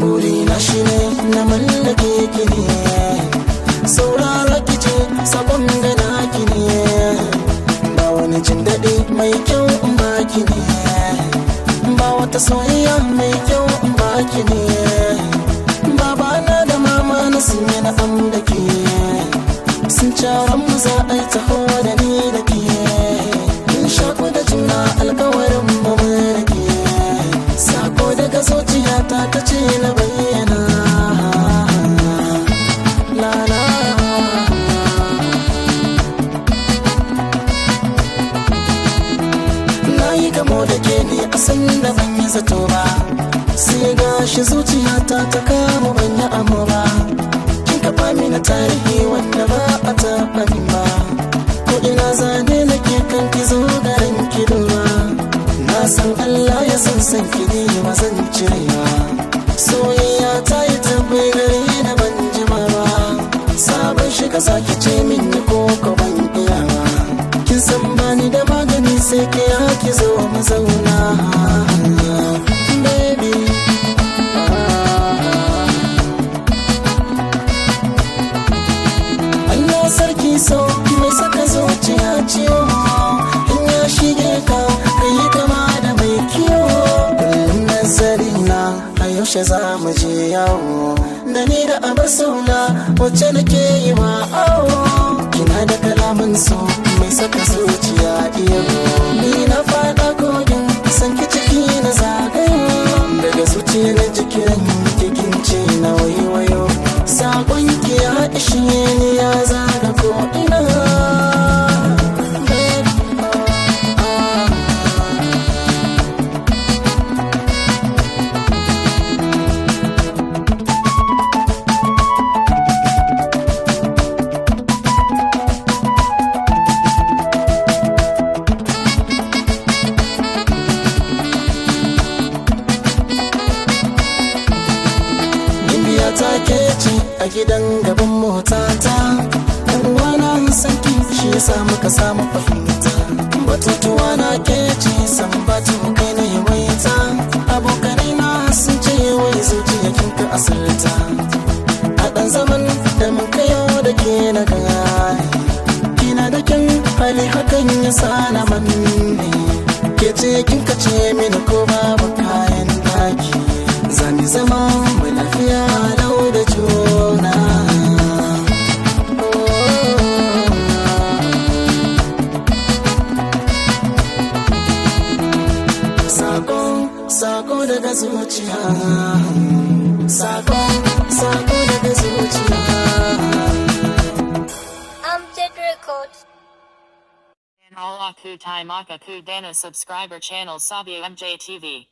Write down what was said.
buri na shi ne na mallake ki ne saurara ki ce sabon da na ne ba wani jin daɗi mai kyau in ba ki ne ba wata soyayya mai kyau in ba ki ne baba na da mama na sun yi na am da ke sun caran mu za a yi taho da ke ni a san da ban yi zato ba sai gashi zuciyata ta kama ban yi amma ba kin kafa mini tarihi wanda ba a taɓa min ba ko ina zane na ke kan ki zo garin ki dora na san Allah ya san san ki ne ba zan cirewa soyayya ta yi tambayi gare na ban jima ba sabon shi ka sake ce min ko ka sai ke haki zo mu zauna baby sarki so mai saka zuciya ciwo in ya shige ka kai kama da mai kiwo kullum nazari na a yaushe za mu je yawo da ni da abar sauna wacce ke yi ma awo kina da kalamin so mai saka zuciya iya ta ke ci a gidan gaban motata na san sanki shi yasa muka samu fahimta batutuwa na ke san batu kai na yawaita abokanai na sun ce wai ya kinka asirta a dan zaman da muka yau da ke na gani kina da kyan fali hakan ya sana na manne ke ce kinka ce mini ko babu kayan daki zami zama zuciya sako sako daga zuciya All Aku Taimaka Ku Dana subscriber channel Sabio MJ TV